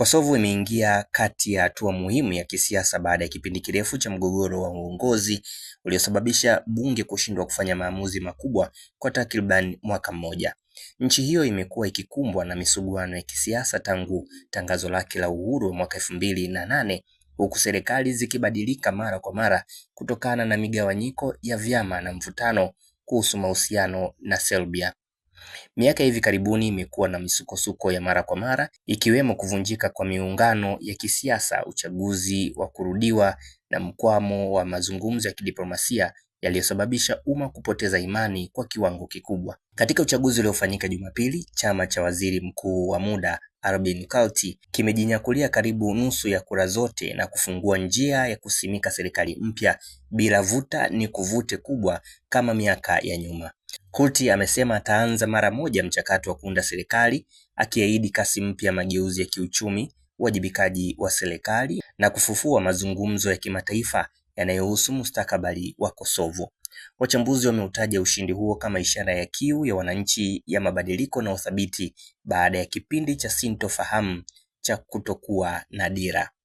Kosovo imeingia kati ya hatua muhimu ya kisiasa baada ya kipindi kirefu cha mgogoro wa uongozi uliosababisha bunge kushindwa kufanya maamuzi makubwa kwa takriban mwaka mmoja. Nchi hiyo imekuwa ikikumbwa na misuguano ya kisiasa tangu tangazo lake la uhuru mwaka elfu mbili na nane huku serikali zikibadilika mara kwa mara kutokana na migawanyiko ya vyama na mvutano kuhusu mahusiano na Serbia. Miaka hivi karibuni imekuwa na misukosuko ya mara kwa mara ikiwemo kuvunjika kwa miungano ya kisiasa, uchaguzi wa kurudiwa na mkwamo wa mazungumzo ya kidiplomasia yaliyosababisha umma kupoteza imani kwa kiwango kikubwa. Katika uchaguzi uliofanyika Jumapili, chama cha waziri mkuu wa muda Arbin Kurti kimejinyakulia karibu nusu ya kura zote na kufungua njia ya kusimika serikali mpya bila vuta ni kuvute kubwa kama miaka ya nyuma. Kurti amesema ataanza mara moja mchakato wa kuunda serikali, akiahidi kasi mpya mageuzi ya kiuchumi, uwajibikaji wa serikali na kufufua mazungumzo ya kimataifa yanayohusu mustakabali wa Kosovo. Wachambuzi wameutaja ushindi huo kama ishara ya kiu ya wananchi ya mabadiliko na uthabiti baada ya kipindi cha sintofahamu cha kutokuwa na dira.